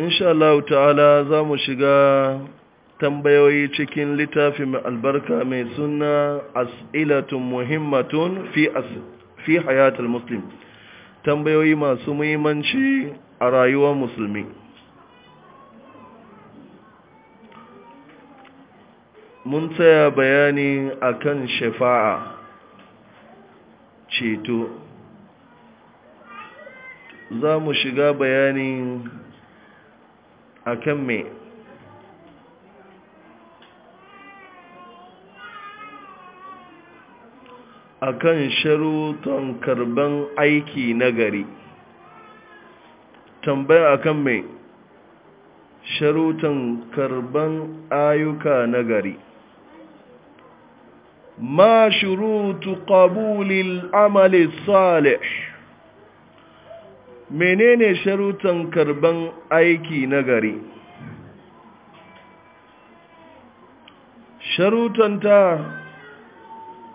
insha Allah ta'ala za mu shiga tambayoyi cikin littafi mai albarka mai suna as'ilatun muhimmatun fi, as, hayatul muslim tambayoyi masu muhimmanci a rayuwar musulmi mun tsaya bayani akan shafa'a ceto za mu shiga bayanin a kan mai a kan sharuton karban aiki nagari tambaya a kan mai sharuton karban ayyuka nagari ma shurutu qabulil amali salih menene sharutan karban aiki na gari sharutanta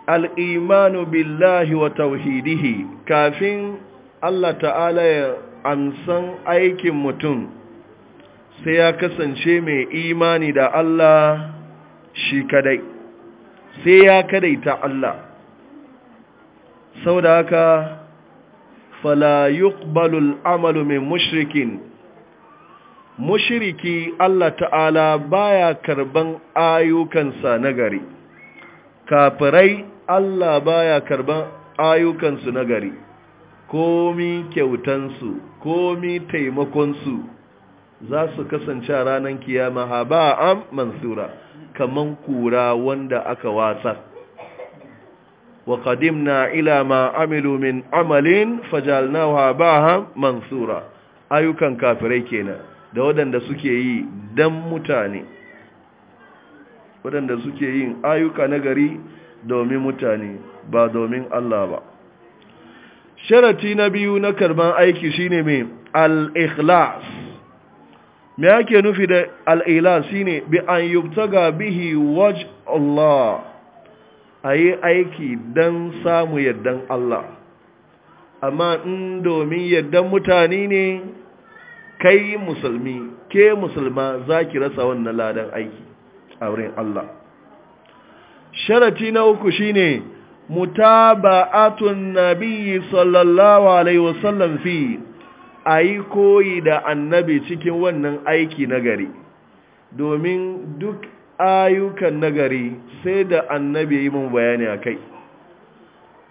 al'imanu billahi wa tauhidihi kafin Allah ta'ala ya ansan aikin mutum sai ya kasance mai imani da Allah shi kadai sai ya kadaita Allah sau da haka fala yuqbalul amalu min mushrikin mushriki Allah ta'ala baya karban ayyukansa nagari kafirai Allah baya karban ayyukansu nagari komi kyautansu komi taimakonsu za su kasance a ranar kiyama ha ba'am mansura kaman kura wanda aka wasa وقدمنا إلى ما عملوا من عمل فجعلناه عباها منصورا ayyukan kafirai kenan da waɗanda suke yi yin ayyuka na gari domin mutane ba domin Allah ba sharati na biyu na karban aiki shine mai al me yake nufi da al-ikhlas shine bi an yubtaga bihi wajh Allah a yi aiki don samu yardan Allah amma in domin yardan mutane ne kai musulmi ke musulma za ki rasa wannan ladan aiki a wurin Allah sharati na uku shine mutaba'atun nabi sallallahu alaihi wasallam fi yi koyi da annabi cikin wannan aiki na gari domin duk ayyukan nagari sai da annabi yi mun bayani a kai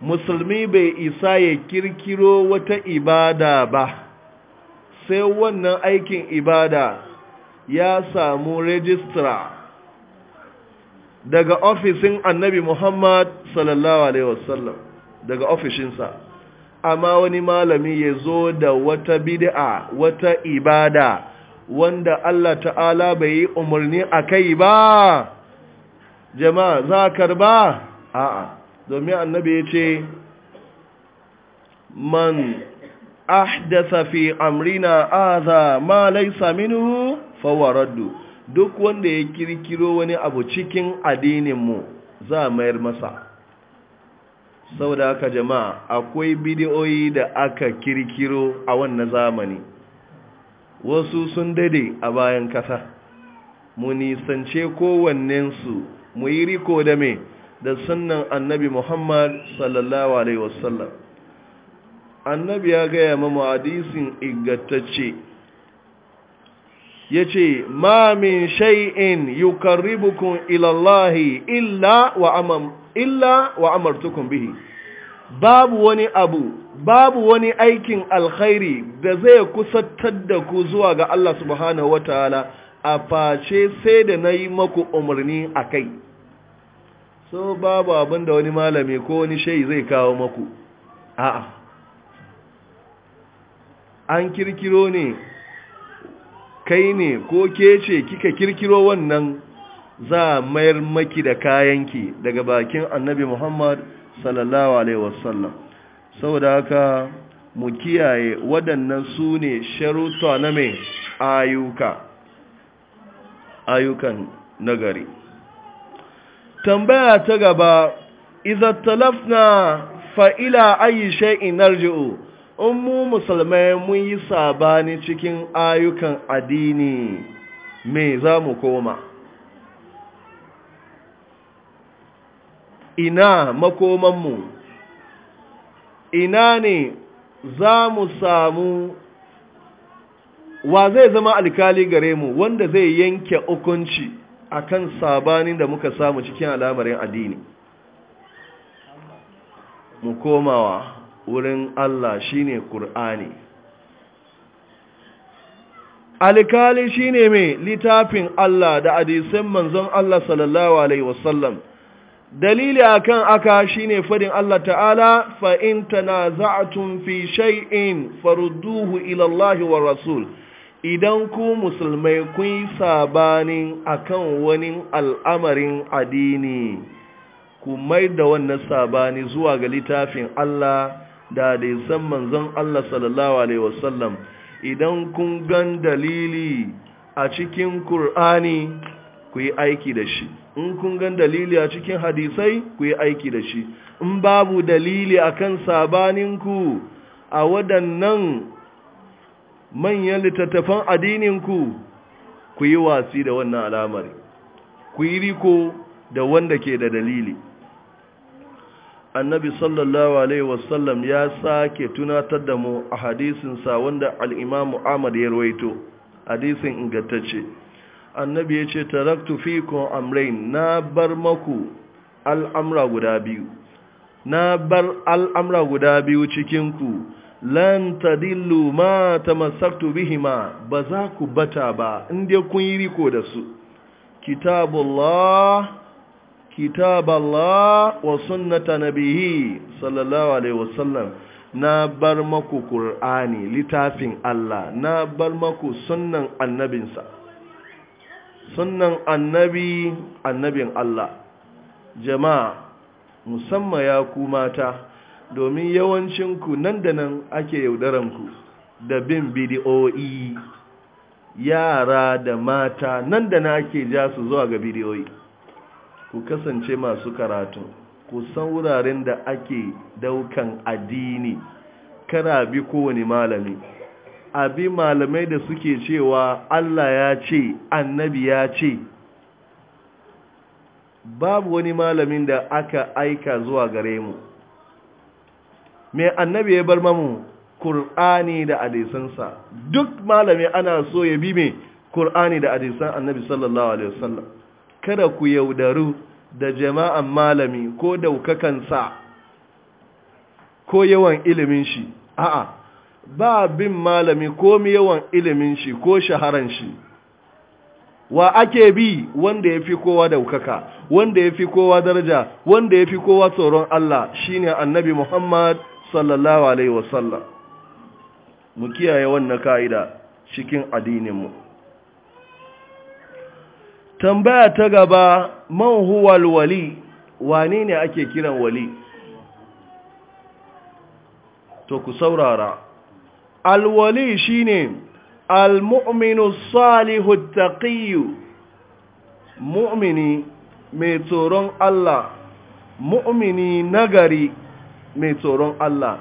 musulmi bai isa ya kirkiro wata ibada ba sai wannan aikin ibada ya samu rejistra daga ofisin annabi muhammad sallallahu alaihi wasallam daga ofishinsa amma wani malami ya zo da wata bid'a wata ibada wanda Allah ta'ala bai yi umarni a kai ba jama'a za karba a'a domin annabi ya ce man ahdasa fi amrina aza ma laisa minhu fawaraddu duk wanda ya kirkiro wani abu cikin addininmu za mayar masa saboda haka jama'a akwai bidiyoyi da aka kirkiro a wannan zamani wasu sun dade a bayan kasa mu nisance kowannensu mu yi riko da me da sannan annabi muhammad sallallahu alaihi wasallam annabi ya gaya mamu hadisin ingantacce ya ce ma min shay'in yukarribukum ilallahi illa wa amartukum bihi babu wani abu babu wani aikin alkhairi da zai kusantar da ku zuwa ga Allah subhanahu wataala a face sai da na yi maku umarni a kai so babu abin da wani malami ko wani shai zai kawo maku a an kirkiro ne kai ne ko ke ce kika kirkiro wannan za a mayar maki da kayanki daga bakin annabi muhammad sallallahu alaihi wasallam saboda haka mu kiyaye waɗannan su ne sharuta na mai ayuka ayyukan nagari tambaya ta gaba iza talafna fa'ila ayi shay'in narji'u in mu musulmai mun yi sabani cikin ayukan addini me za mu koma ina makomanmu ina ne za mu samu wa zai zama alkali gare mu wanda zai yanke hukunci akan sabanin da muka samu cikin al'amarin addini mu komawa wurin Allah shine Qur'ani alkali shine mai littafin Allah da hadisin manzon Allah sallallahu alaihi wasallam dalili akan aka shine fadin Allah ta'ala fa in tanaza'tum fi shai'in farudduhu ila wa rasul idan ku musulmai kun yi sabani akan wani al'amarin addini ku mai da wannan sabani zuwa ga littafin Allah da da san manzon Allah sallallahu alaihi wasallam idan kun gan dalili a cikin Kur'ani, ku yi aiki da shi in kun gan dalili a cikin hadisai ku yi aiki da shi in babu dalili a kan sabaninku a waɗannan manyan littattafan addininku ku yi wasi da wannan al'amari ku yi riko da wanda ke da dalili annabi sallallahu alaihi wasallam ya sake tunatar da mu a hadisinsa wanda al'imamu ahmad ya rawaito hadisin ingantacce annabi ya ce taraktu amrain na bar maku al'amra guda biyu na bar al'amra guda biyu cikinku lan tadillu ma tamassaktu bihima ba za ku bata ba inda kun yi riko da su kitabullah Allah wa sunnata nabihi sallallahu alaihi wasallam na bar maku ƙur'ani littafin Allah na bar maku sunnan annabinsa sunan annabi annabin Allah jama'a musamman ya ku mata domin yawancinku nan da nan ake yaudaranku da bin bidiyoyi yara da mata nan da nan ake ja su zuwa ga bidiyoyi ku kasance masu karatu ku san wuraren da ake daukan addini kara bi kowane malami abi malamai da suke cewa Allah ya ce annabi ya ce babu wani malamin da aka aika zuwa gare mu mai annabi ya bar mamu Kur'ani da adisansa duk malami ana so ya bi mai Kur'ani da adisan annabi sallallahu alaihi wasallam kada ku yaudaru da jama'an malami ko daukakansa ko yawan ilimin shi a'a ba bin malami ko yawan ilimin shi ko shaharan shi wa ake bi wanda ya fi kowa daukaka wanda ya fi kowa daraja wanda ya fi kowa tsoron Allah shine annabi Muhammad sallallahu alaihi wasallam mu kiyaye wannan ka'ida cikin addininmu tambaya ta gaba man huwa wali wane ne ake kiran wali to ku saurara alwali shine almu'minu salihu taqiyu mu'mini mai tsoron Allah mu'mini nagari mai tsoron Allah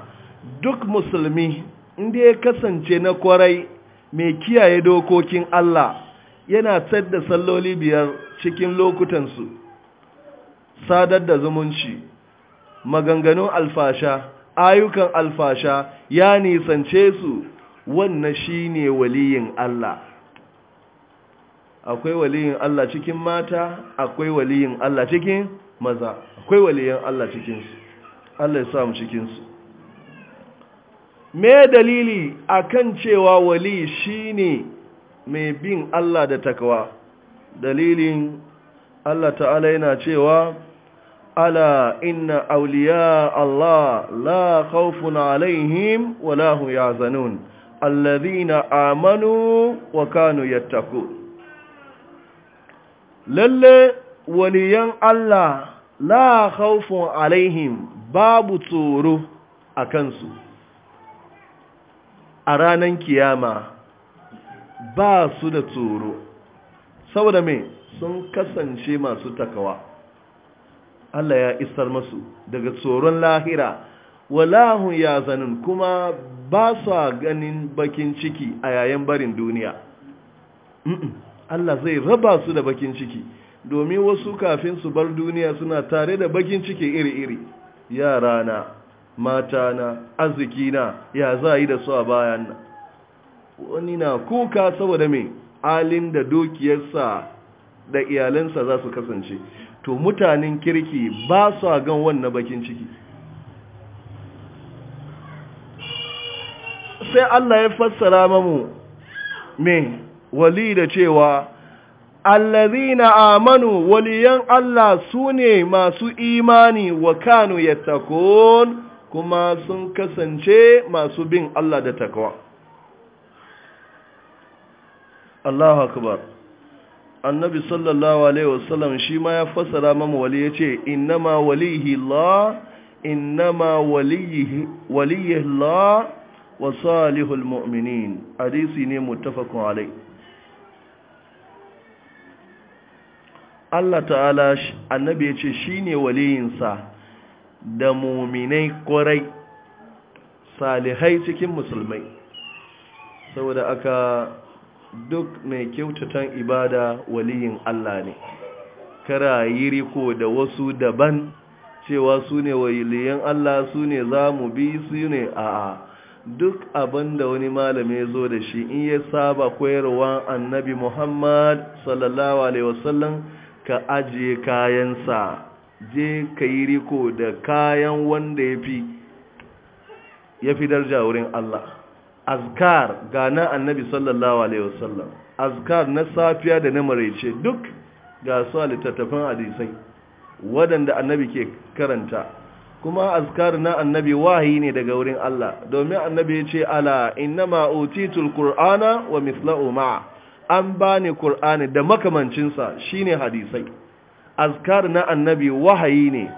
duk musulmi inda ya kasance na kwarai mai kiyaye dokokin Allah yana da salloli biyar cikin lokutansu sadar da zumunci maganganun alfasha ayyukan alfasha ya nisance su wannan shi ne waliyin Allah akwai waliyin Allah cikin mata akwai waliyin Allah cikin maza akwai waliyin Allah cikin su Allah ya samu cikin su me dalili akan cewa wali shi ne mai bin Allah da takawa? dalilin Allah ta'ala yana cewa ala inna awliya Allah la khawfun alaihim wa la hum yahzanun alladhina amanu wa kanu yattaqun lalle waliyan Allah la khawfun alaihim babu tsoro a kansu a ranan kiyama ba su da tsoro saboda me sun kasance masu takawa Allah ya isar masu daga tsoron lahira walahun ya zanin kuma ba su ganin bakin ciki a yayin barin duniya Allah zai raba su da bakin ciki domin wasu kafin su bar duniya suna tare da bakin ciki iri-iri yarana matana arzikina ya za yi da su a bayan nan wani na kuka saboda mai alin da dukiyarsa da iyalinsa za su kasance to mutanen kirki ba su gan wannan bakin ciki sai Allah ya fassara mamu mai wali da cewa na amanu waliyan Allah sune masu imani wa kanu takon kuma sun kasance masu bin Allah da takawa. Allahu akbar annabi sallallahu alaihi wasallam shi ma ya fassara mama wali ya ce innama walihi la innama waliyi la wa salihul mu'minin hadisi ne muttafaqun alai Allah ta'ala annabi ya ce shi ne waliyinsa da muminai kwarai salihai cikin musulmai saboda aka duk mai kyautatan ibada waliyin Allah ne kara yi riko da wasu daban cewa su ne waliyan Allah su ne za mu bi su ne a'a duk abin da wani malami ya zo da shi in ya saba koyarwa annabi Muhammad sallallahu alaihi wasallam ka ajiye kayansa je ka yi riko da kayan wanda ya fi ya fi darja wurin Allah azkar ga na annabi sallallahu alaihi wasallam azkar na safiya da na maraice duk ga su littattafan hadisai waɗanda annabi ke karanta kuma azkar na annabi wahayi ne daga wurin Allah domin annabi ya ce ala ma utitul qur'ana wa mithlahu ma an bani qur'ani da makamancin shine hadisai azkar na annabi wahayi ne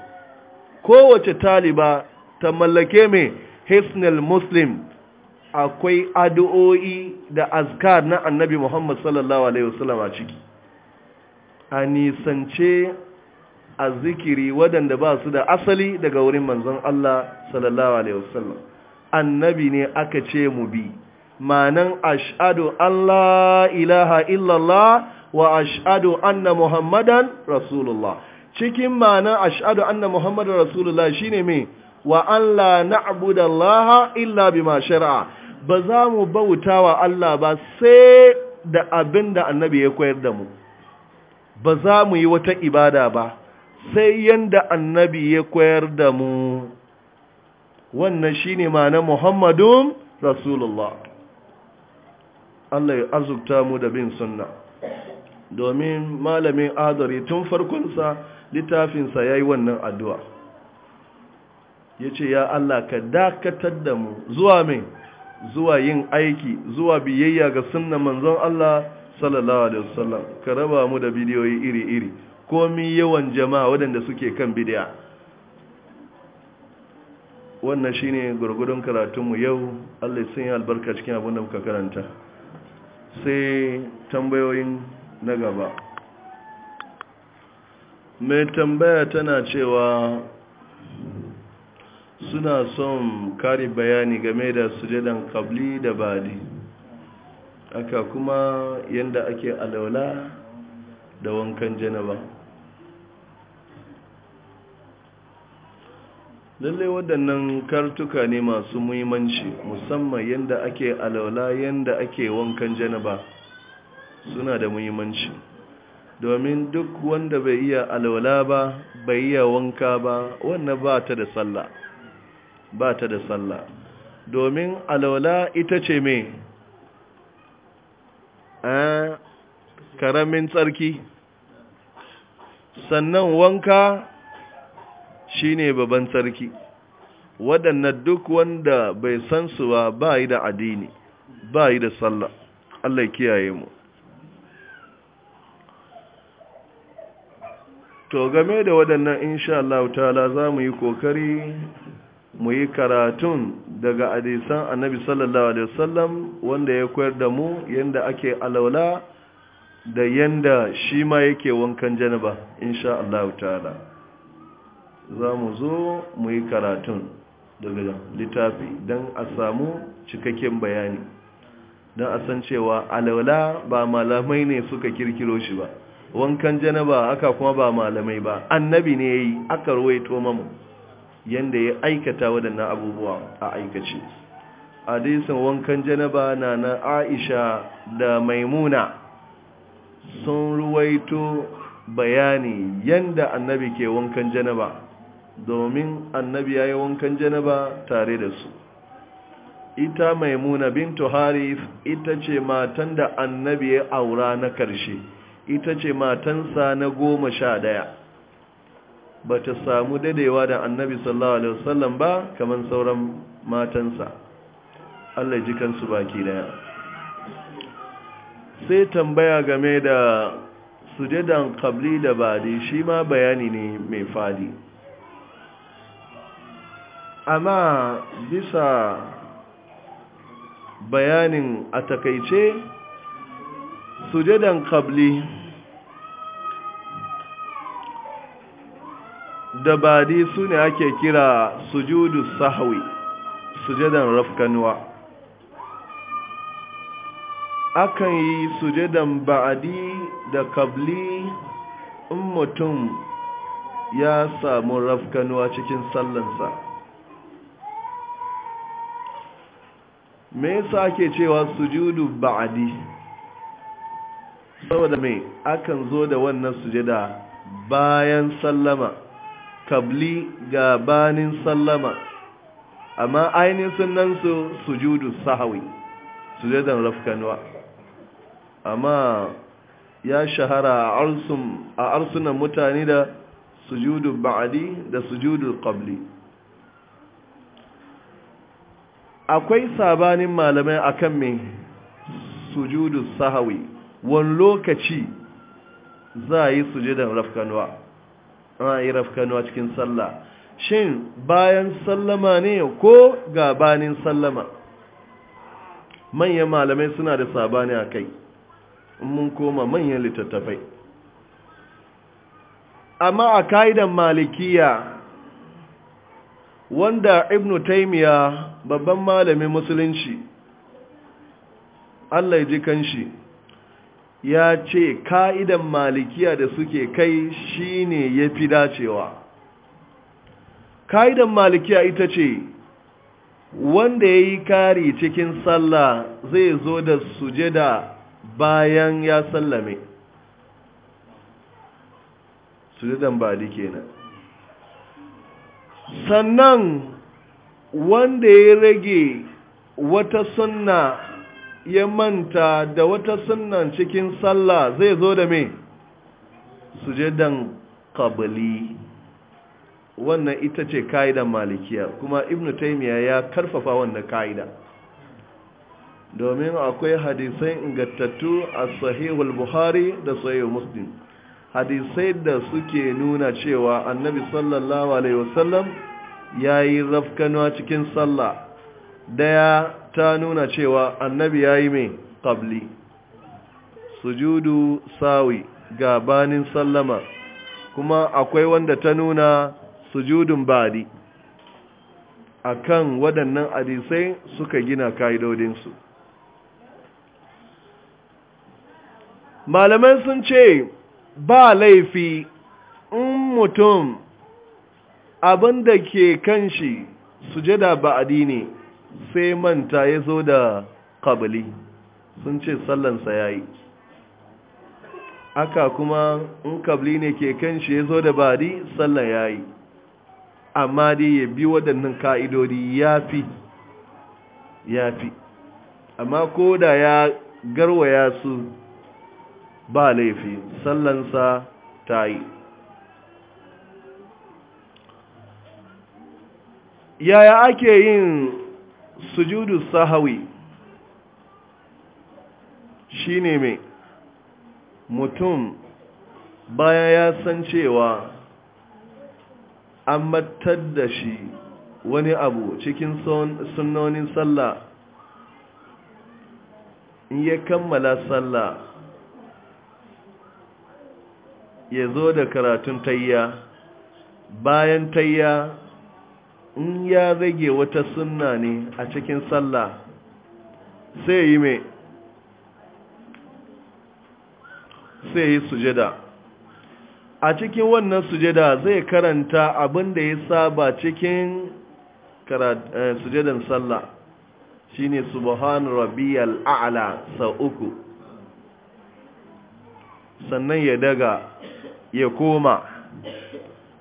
kowace taliba ta mallake me hisnal muslim akwai addu'o'i da azkar na annabi Muhammad sallallahu Alaihi wasallam a ciki, a nisance a zikiri waɗanda ba su da asali daga wurin manzon Allah sallallahu Alaihi wasallam. Annabi ne aka ce mu bi, manan ash'adu Allah ilaha illallah wa ash'adu anna Muhammadan Rasulullah. Cikin manan ash'adu anna Muhammadan Rasulullah shine mai wa an la na'budallaha illa bima shar'a ba za mu bauta wa Allah ba sai da abin da annabi ya koyar da mu ba za mu yi wata ibada ba sai yanda annabi ya koyar da mu wannan shi shine ma'anar Muhammadun Rasulullah Allah ya azubta mu da bin sunna domin malamin azari tun farkonsa littafinsa ya yi wannan addu'a ya ce ya Allah ka dakatar da mu zuwa mai zuwa yin aiki zuwa biyayya ga sunna manzon Allah sallallahu alaihi wasallam ka raba mu da bidiyoyi iri-iri komi yawan jama'a waɗanda suke kan bidiya wannan shine gurgudun karatunmu yau Allah ya sanya albarka cikin abin da muka karanta sai tambayoyin na gaba mai tambaya tana cewa suna son kari bayani game da sujadan kabli da badi aka kuma yadda ake alaula da wankan janaba lallai waɗannan kartuka ne masu muhimmanci musamman yadda ake alaula yadda ake wankan janaba suna da muhimmanci domin duk wanda bai iya alaula ba bai iya wanka ba wannan ba ta da sallah ba ta da sallah domin alwala ita ce mai a karamin tsarki sannan wanka shine babban tsarki waɗannan duk wanda bai san su ba ba yi da adini ba yi da sallah Allah kiyaye mu to game da waɗannan insha Allah ta'ala za mu yi kokari mu yi karatun daga adisan annabi sallallahu alaihi wasallam wanda ya koyar da mu yanda ake alaula da yanda shi ma yake wankan janaba insha Allah ta'ala za mu zo mu yi karatun daga littafi don a samu cikakken bayani don a san cewa alaula ba malamai ne suka kirkiro shi ba wankan janaba aka kuma ba malamai ba annabi ne ya yi aka ruwaito mamu yanda ya aikata waɗannan abubuwa a aikace hadisin wankan janaba na na Aisha da Maimuna sun ruwaito bayani yanda annabi ke wankan janaba domin annabi ya yi wankan janaba tare da su ita maimuna bintu harif ita ce matan da annabi ya aura na karshe ita ce matansa na goma sha daya ba ta samu dadewa da annabi sallallahu alaihi wasallam ba kamar sauran matansa Allah ji kansu baki daya sai tambaya game da sujadan qabli da badi shi ma bayani ne mai fadi amma bisa bayanin a takaice sujadan qabli da su ne ake kira sujudu sahawi sujadan rafkanuwa akan yi sujadan ba'adi da kabli in mutum ya samu rafkanuwa cikin sallansa me yasa ake cewa sujudu ba'adi saboda mai akan zo da wannan sujada bayan sallama kabli gabanin sallama amma ainihin sunan su sujudu sahawi sujudan rafkanwa amma ya shahara a arsunan mutane da sujudu ba'adi da sujudu qabli akwai sabanin malamai akan mai sujudu sahawi wani lokaci za a yi sujudan rafkanwa a yi rafkanu a cikin sallah shin bayan sallama ne ko gabanin sallama manyan malamai suna da sabani a kai mun koma manyan littattafai amma a ka'idan malikiya wanda Ibnu taimiya babban malamin musulunci allah ji kan shi ya ce ka'idan malikiya da suke kai shine ya fi dacewa ka'idan malikiya ita ce wanda ya yi kari cikin sallah zai zo da sujada bayan ya sallame sujadan bali kenan sannan wanda ya rage wata sunna ya manta da wata sunan cikin sallah zai zo da me sujadan qabli wannan ita ce ka'idan malikiya kuma ibnu taymiya ya karfafa wannan ka'ida domin akwai hadisai ingantattu a sahihul buhari da sahihul muslim hadisai da suke nuna cewa annabi sallallahu alaihi wasallam ya yi rafkanuwa cikin sallah daya ta nuna cewa annabi ya yi mai ƙabli sujudu sawi gabanin sallama kuma akwai wanda ta nuna sujudun badi kan waɗannan adisai suka gina ka'idodinsu malamai sun ce ba laifi in mutum abinda ke kan shi sujada ba'adi ne sai manta ya zo da kabali sun ce sallansa ya yi aka kuma in kabli ne ke kan shi ya zo da bari sallan ya yi amma dai ya bi waɗannan ka'idodi ya fi ya fi amma ko da ya garwaya su ba laifi sallansa ta yi yaya ake yin sujudu sahawi shine mai mutum baya ya san cewa an matar da shi wani abu cikin sunonin sallah in ya kammala sallah ya zo da karatun tayya bayan tayya in ya rage wata sunna ne a cikin sallah sai yi mai sai yi sujada a cikin wannan sujada zai karanta abin da ya saba cikin eh, sujadan sallah shine subhan rabi'al-a'ala sau uku sannan ya daga ya koma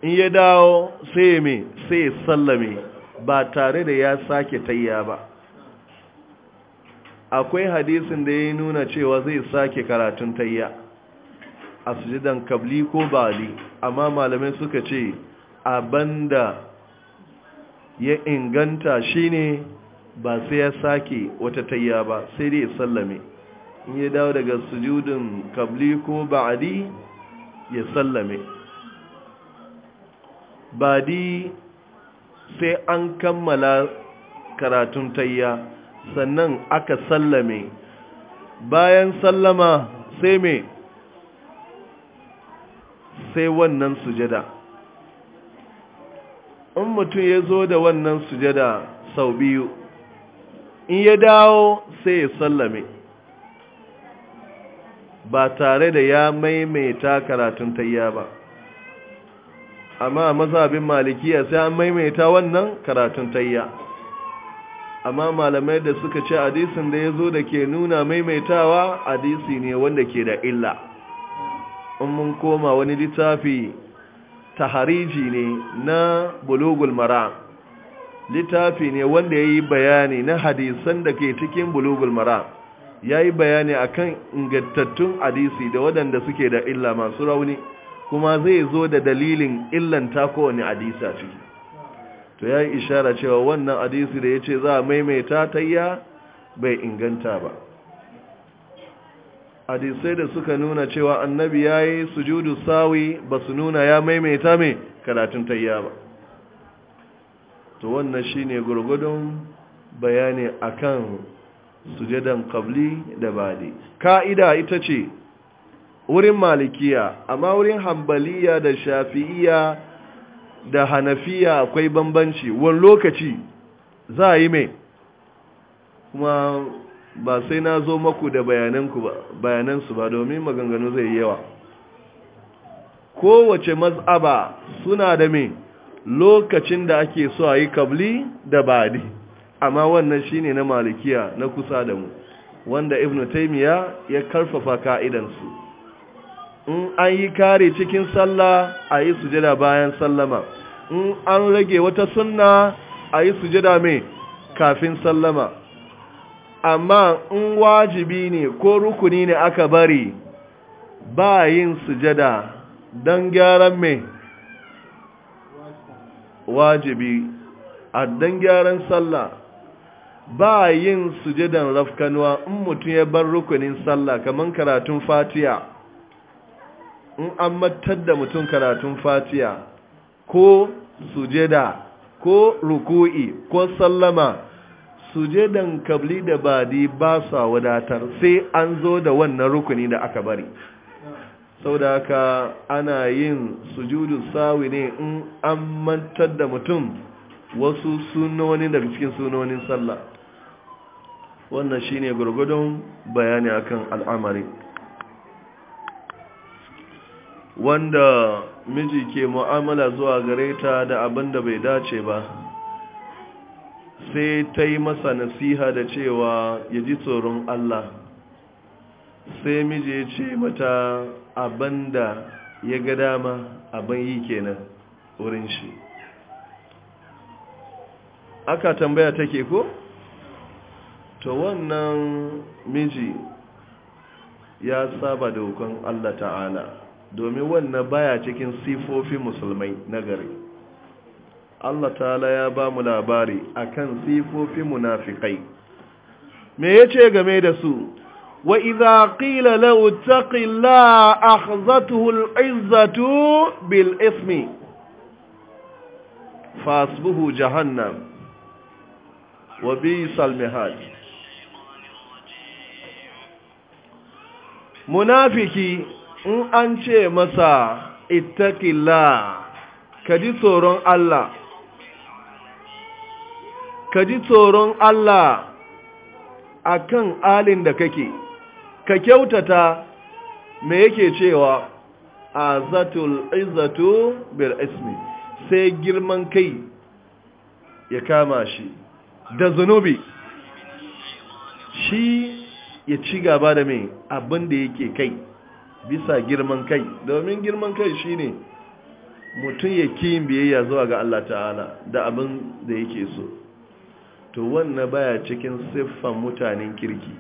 in ya dawo sai me sai ya sallame ba tare da ya sake tayya ba akwai hadisin da ya nuna cewa zai sake karatun tayya a sujidan kabli ko bali amma malamai suka ce abanda ya inganta shine ba sai ya sake wata tayya ba sai dai ya sallame in ya dawo daga sujudin kabli ko ba'adi ya sallame ba di sai an kammala karatun tayya sannan aka sallame bayan sallama sai me sai wannan sujada in mutum ya zo da wannan sujada sau biyu in ya dawo sai ya sallame ba tare da ya maimaita karatun tayya ba amma mazhabin malikiya sai an maimaita wannan karatun tayya amma malamai da suka ce hadisin da yazo da ke nuna maimaitawa hadisi ne wanda ke da illa in mun koma wani littafi tahariji ne na bulugul mara littafi ne wanda yayi bayani na hadisan da ke cikin bulugul mara yayi bayani akan ingantattun hadisi da waɗanda suke da illa masu rauni kuma zai zo da dalilin illanta kowane hadisa ce. to ya yi ishara cewa wannan hadisi da ya ce za a maimaita ta yi bai inganta ba hadisai da suka nuna cewa annabi ya yi sujudu sawi ba su nuna ya maimaita mai karatun ta tayya ba to wannan shi ne gurgudun bayani akan sujadan kabli da badi ka'ida ita ce wurin malikiya amma wurin hambaliya da shafi'iya da hanafiya akwai bambanci wani lokaci za a yi mai kuma ba sai na zo maku da bayanansu ba domin maganganu zai yi yawa kowace maz'aba suna da mai lokacin da ake so a yi kabli da badi amma wannan shine na malikiya na kusa da mu wanda ibn taimiya ya karfafa ka'idansu in an yi kare cikin sallah a yi sujada bayan sallama in an rage wata sunna a yi sujada mai kafin sallama amma in wajibi ne ko rukuni ne aka bari ba yin sujada don gyaran mai wajibi a don gyaran sallah ba yin sujadan rafkanuwa in mutum ya bar rukunin sallah kamar karatun fatiya in an matar da mutum karatun fatiya ko sujeda ko ruku'i ko sallama sujedan kabli da badi ba sa wadatar sai an zo da wannan rukuni da aka bari sau da aka ana yin sujudu sawi ne in an mantar da mutum wasu sunoni daga cikin sunonin sallah wannan shine gurgudun bayani akan al'amari wanda miji ke mu'amala zuwa gare ta da abin da bai dace ba sai ta yi masa nasiha da cewa ya ji tsoron Allah sai miji ya ce mata abin da ya ga dama abin yi kenan wurin shi aka tambaya take ko? to wannan miji ya saba da hukun Allah ta'ala domin wannan baya cikin sifofin musulmai na gari Allah ta'ala ya ba mu labari kan sifofi munafikai me yace game da su wa idza qila law taqilla akhzatuhu al-izzatu bil ismi fasbuhu jahannam wa bi salmihaj munafiki in an ce masa ittaqilla ka ji tsoron Allah ka ji tsoron Allah akan alin da kake ka kyautata me yake cewa azatul izzatu bil ismi sai girman kai ya kama shi da zunubi shi ya ci gaba da mai abin da yake kai bisa girman kai domin girman kai shine mutum ya kiyin biyayya zuwa ga Allah ta'ala da abin da yake so to wannan baya cikin siffan mutanen kirki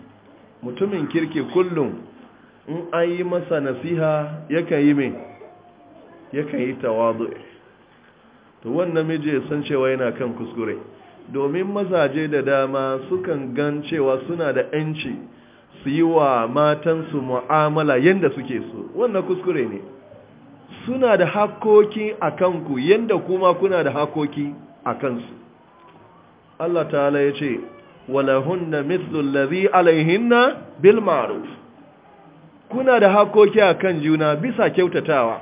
mutumin kirki kullum in an yi masa nasiha yakan yi mai yakan yi tawadu to wannan miji ya san cewa yana kan kuskure domin mazaje da dama sukan gan cewa suna da 'yanci su yi wa matansu mu'amala yadda suke so wannan kuskure ne suna da hakoki a kanku yadda kuma kuna da hakoki a kansu Allah ta'ala ya ce walahunna mithlul ladhi alaihinna bil ma'ruf kuna da hakoki a kan juna bisa kyautatawa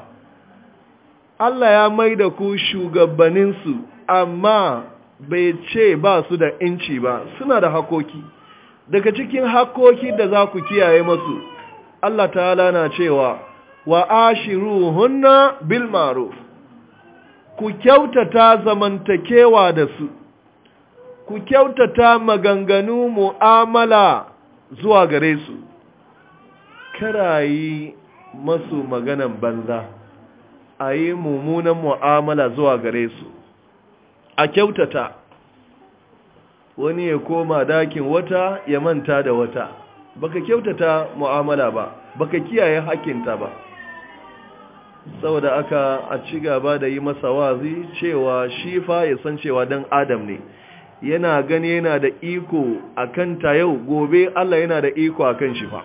Allah ya mai da ku shugabanninsu amma bai ce ba su da inci ba suna da hakoki daga cikin hakoki da za ku kiyaye masu Allah ta'ala na cewa wa hunna bil ma'ruf ku kyautata zamantakewa da su ku kyautata maganganu mu'amala zuwa gare su karayi masu maganan banza a yi mummunan mu'amala zuwa gare su a kyautata wani ya koma dakin wata ya manta da wata baka kyautata mu'amala ba baka kiyaye hakinta ba saboda aka a ci gaba da yi masa wazi cewa shi fa ya san cewa dan adam ne yana gani yana da iko akan ta yau gobe Allah yana da iko akan shi fa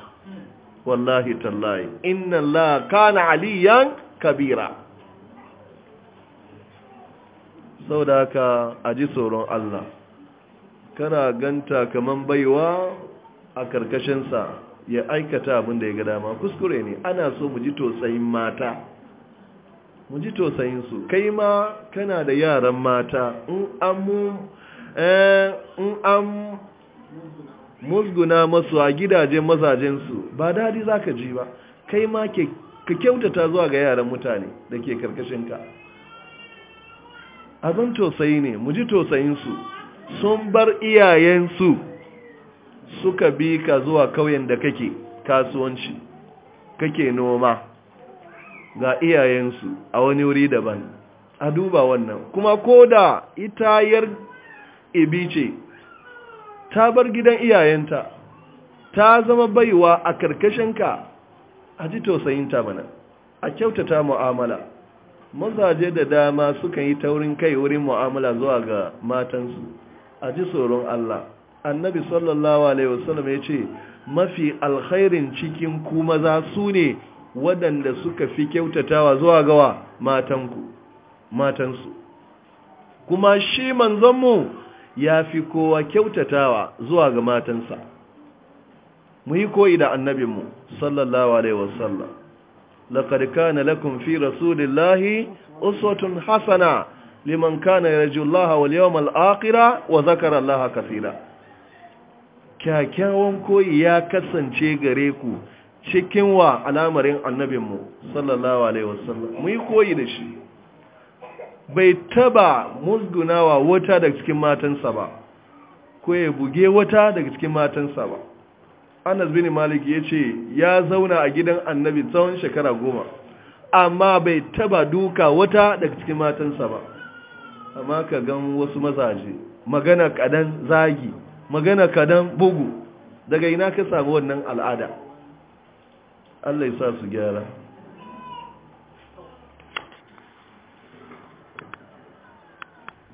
wallahi tallahi inna la kana aliyan kabira saboda aka a ji tsoron Allah kana ganta kaman baiwa a karkashinsa ya aikata abin da ya ga dama kuskure ne ana so mu ji tosayin mata mu ji tosayinsu kai ma kana da yaran mata eh, in an musguna masu a gidajen mazajensu ba daɗi za ka ji ba kai ma ka kyautata zuwa ga yaran mutane da ke karkashinka abin tosayi ne mu ji tosayinsu sun bar iyayensu suka bi ka zuwa kauyen da kake kasuwanci kake noma ga iyayensu a wani wuri daban a duba wannan kuma ko da 'yar ibi ce ta bar gidan iyayenta ta zama baiwa a karkashinka a ji tausayinta mana a kyautata mu'amala mazaje da dama suka yi taurin kai wurin mu'amala zuwa ga matansu a ji tsoron Allah annabi sallallahu alaihi wasallam ya ce mafi alkhairin cikin ku maza su ne waɗanda suka fi kyautatawa zuwa gawa matanku matansu kuma shi manzonmu ya fi kowa kyautatawa zuwa ga matansa mu yi koyi da annabinmu sallallahu alaihi wasallam laqad na lakum fi rasulillahi uswatun liman kana yarju Allah wal al akhirah wa zakara Allah kaseera kyakkyawan koyi ya kasance gare ku cikin wa al'amarin annabinmu sallallahu alaihi wasallam mu yi koyi da shi bai taba musgunawa wata daga cikin matansa ba ko ya buge wata daga cikin matansa ba Anas bin Malik yace ya zauna a gidan annabi tsawon shekara goma amma bai taba duka wata daga cikin matansa ba amma ka gan wasu mazaje magana kadan zagi magana kadan bugu daga ina ka samu wannan al'ada Allah ya sa su gyara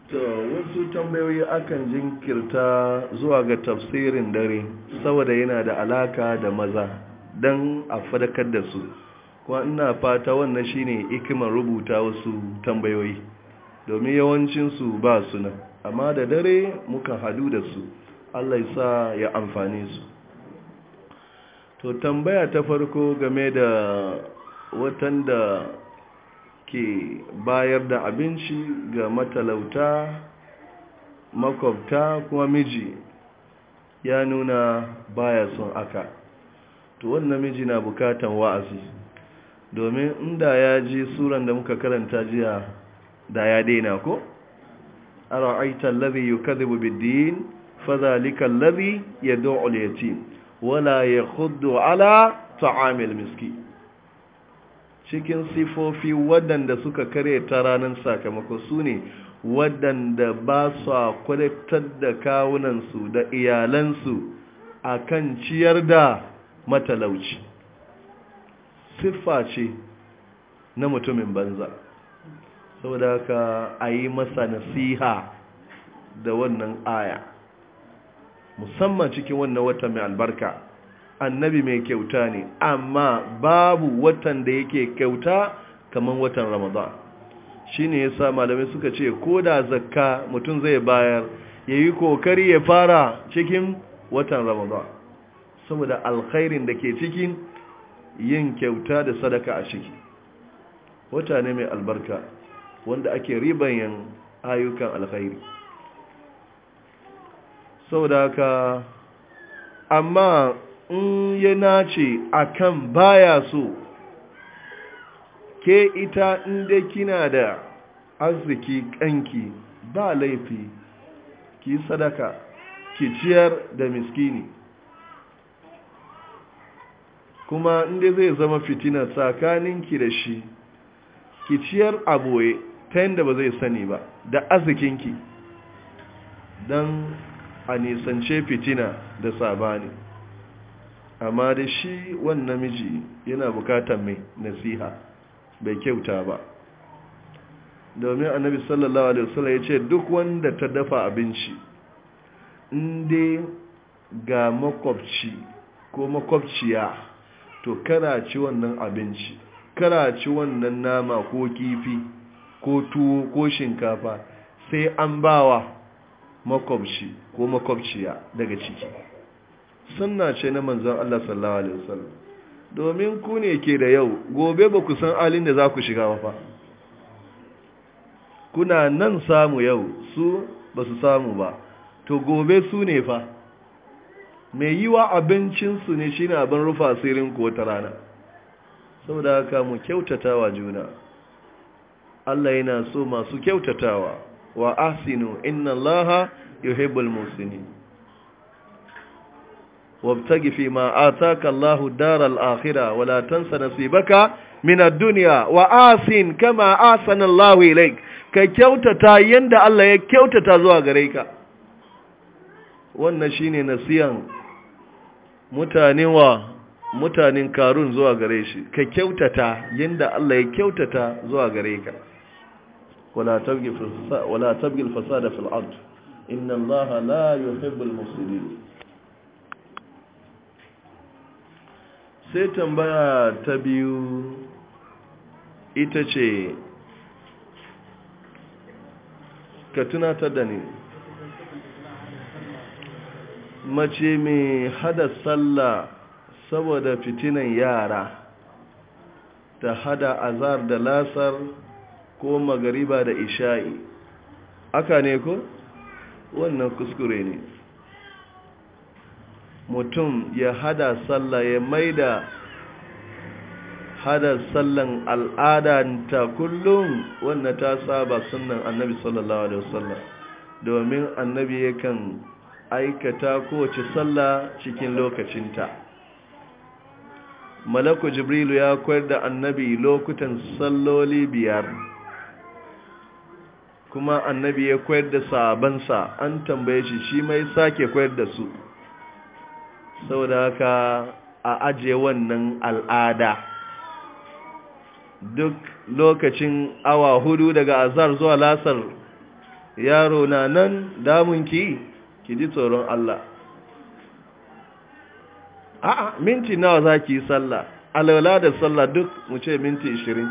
to wasu tambayoyi akan jinkirta zuwa ga tafsirin dare saboda yana da alaka da maza dan a fadakar da su kuma ina fata wannan shine ikimar rubuta wasu tambayoyi domin yawancinsu ba suna amma da dare muka hadu da su Allah sa ya amfani su to tambaya ta farko game da watan da ke bayar da abinci ga matalauta makwabta kuma miji ya nuna baya son aka to wannan miji na bukatan wa'azi domin inda ya ji suran da muka karanta jiya da ya daina ko a ra'aitar labi yi kadibu biddin fazalika labi ya do'ul yatim wala ya hudu ala ta'amil miski cikin sifofi waɗanda suka kare ta ranar sakamako su ne waɗanda ba su kwadatar da kawunansu da iyalansu a kan ciyar da matalauci siffa ce na mutumin banza saboda ka a yi masa nasiha da wannan aya musamman cikin wannan wata mai albarka annabi mai kyauta ne amma babu watan da yake kyauta kamar watan ramadan shine yasa malamai suka ce ko da zakka mutum zai bayar ya yi kokari ya fara cikin watan ramadan saboda alkhairin da ke cikin yin kyauta da sadaka a ciki wata ne mai albarka wanda ake ribayen ayyukan alkhairi saboda haka amma in ya nace akan baya so ke ita inda kina da arziki kanki ba laifi ki sadaka ki ciyar da miskini kuma inda zai zama fitina tsakaninki da shi ki ciyar aboye ta yadda ba zai sani ba da arzikinki don a nisance fitina da sabani amma da shi wannan miji yana bukatar mai nasiha bai kyauta ba domin annabi sallallahu alaihi wasallam ya ce duk wanda ta dafa abinci inda ga makwabci ko makwabciya to kana ci wannan abinci kana ci wannan nama ko kifi ko tuwo ko shinkafa sai an ba wa makwabci ko makwabciya daga ciki sunna ce na manzon Allah sallallahu alaihi wasallam domin ku ne ke da yau gobe ba ku san halin da za ku shiga ba kuna nan samu yau su ba su samu ba to gobe su ne fa mai yi wa abincinsu ne shi ne abin rufa asirin ko ta rana saboda haka mu kyautata wa juna Allah yana so masu kyautatawa wa Asinu, inna Allaha yuhibbul muhsinin wabtagi fi ma ataka Allahu daral akhirah wala tansa nasibaka min ad-dunya wa asin kama asana Allahu ilaik ka kyautata yanda Allah ya kyautata zuwa gare ka wannan shine nasiyan mutanen wa mutanen Karun zuwa gare shi ka kyautata yanda Allah ya kyautata zuwa gare ka ولا تبغي ولا تبغي الفساد في الارض ان الله sai tambaya ta biyu ita ce ka tunatar da ni mace mai hada sallah saboda fitinan yara ta hada azar da lasar ko magariba da isha'i aka ne ko wannan kuskure ne mutum ya hada sallah ya maida hada sallan al'adanta kullum wannan ta saba sunan annabi sallallahu alaihi wasallam domin annabi yakan aikata kowace sallah cikin lokacinta malaku jibrilu ya koyar da annabi lokutan salloli biyar kuma annabi ya koyar da sabansa an tambaye shi shi mai sake koyar da su saboda haka a aje wannan al'ada duk lokacin awa hudu daga azar zuwa lasar yaro na nan damunki ki ji tsoron Allah a'a minti nawa za ki yi sallah alaula da sallah duk mu ce minti 20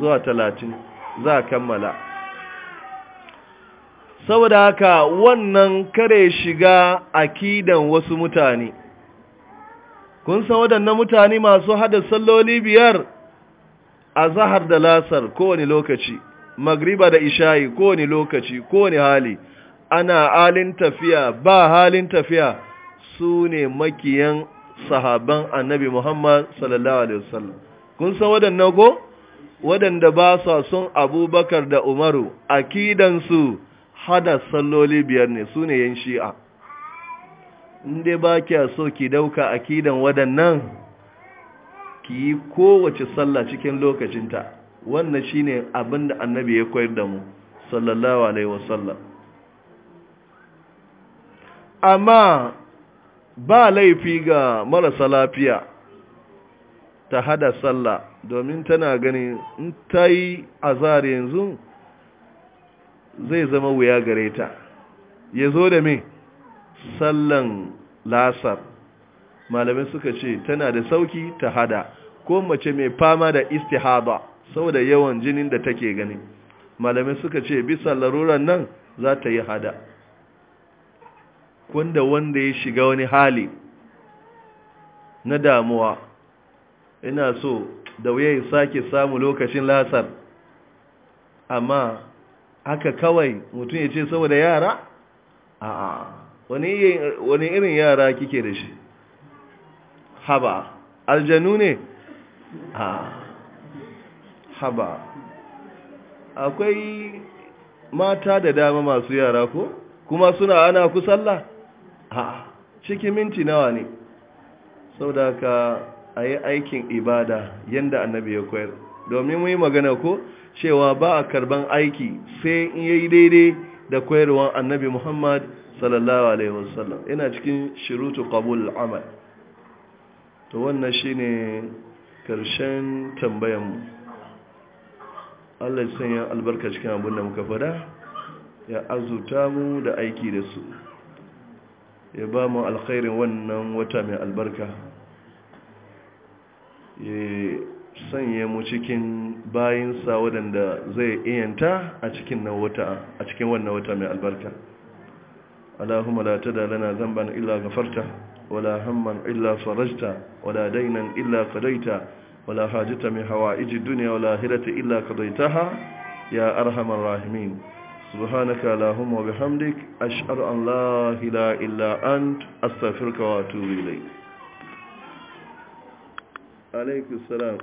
zuwa talatin. za a kammala saboda haka wannan kare shiga akidan wasu mutane kun san waɗannan mutane masu hada salloli biyar a zahar da lasar kowane lokaci magriba da ishayi kowane lokaci kowane hali ana halin tafiya ba halin tafiya su ne makiyan sahaban annabi muhammad sallallahu alaihi wasallam kun san waɗannan ko? waɗanda ba sa son abubakar da umaru su hada salloli biyar ne su ne yan shi'a inda ba kya so ki dauka akidan waɗannan ki yi kowace sallah cikin lokacinta wannan shine ne abinda annabi ya koyar da mu sallallahu alaihi wasallam amma ba laifi ga marasa lafiya ta hada sallah domin tana ganin in ta yi azar yanzu zai zama wuya gare ta ya zo da me sallan lasar malamai suka ce tana da sauki ta hada ko mace mai fama da istihaba saboda yawan jinin da take gani malamai suka ce bisa laruran nan za ta yi hada Kunda wanda ya shiga wani hali na damuwa ina so da wuya sake samu lokacin lasar amma haka kawai mutum ya ce saboda yara a wani irin yara kike da shi haba aljanu ne a haba akwai mata da dama masu yara ko kuma suna ana kusalla a cikin minti nawa ne sau da ka a yi aikin ibada yadda annabi ya koyar domin mu yi magana ko cewa ba a karban aiki sai in yi daidai da koyarwan annabi muhammad sallallahu alaihi wasallam ina cikin shirutu qabul amal to wannan shine karshen tambayan mu Allah sanya albarka cikin abin da muka fada ya azuta mu da aiki da su ya ba mu alkhairin wannan wata mai albarka sanya mu cikin bayinsa waɗanda zai iyanta a cikin wannan wata mai albarka. Allahumma la tada lana zamban illa gafarta, wala hamman illa farajta, wala dainan illa kadaita, wala hajita mai hawa iji duniya wala hirata illa kadaita ya arhaman rahimin. Subhanaka Allahumma wa bihamdik, ash'ar an la illa an, astafirka wa tuwi lai. علیکم السلام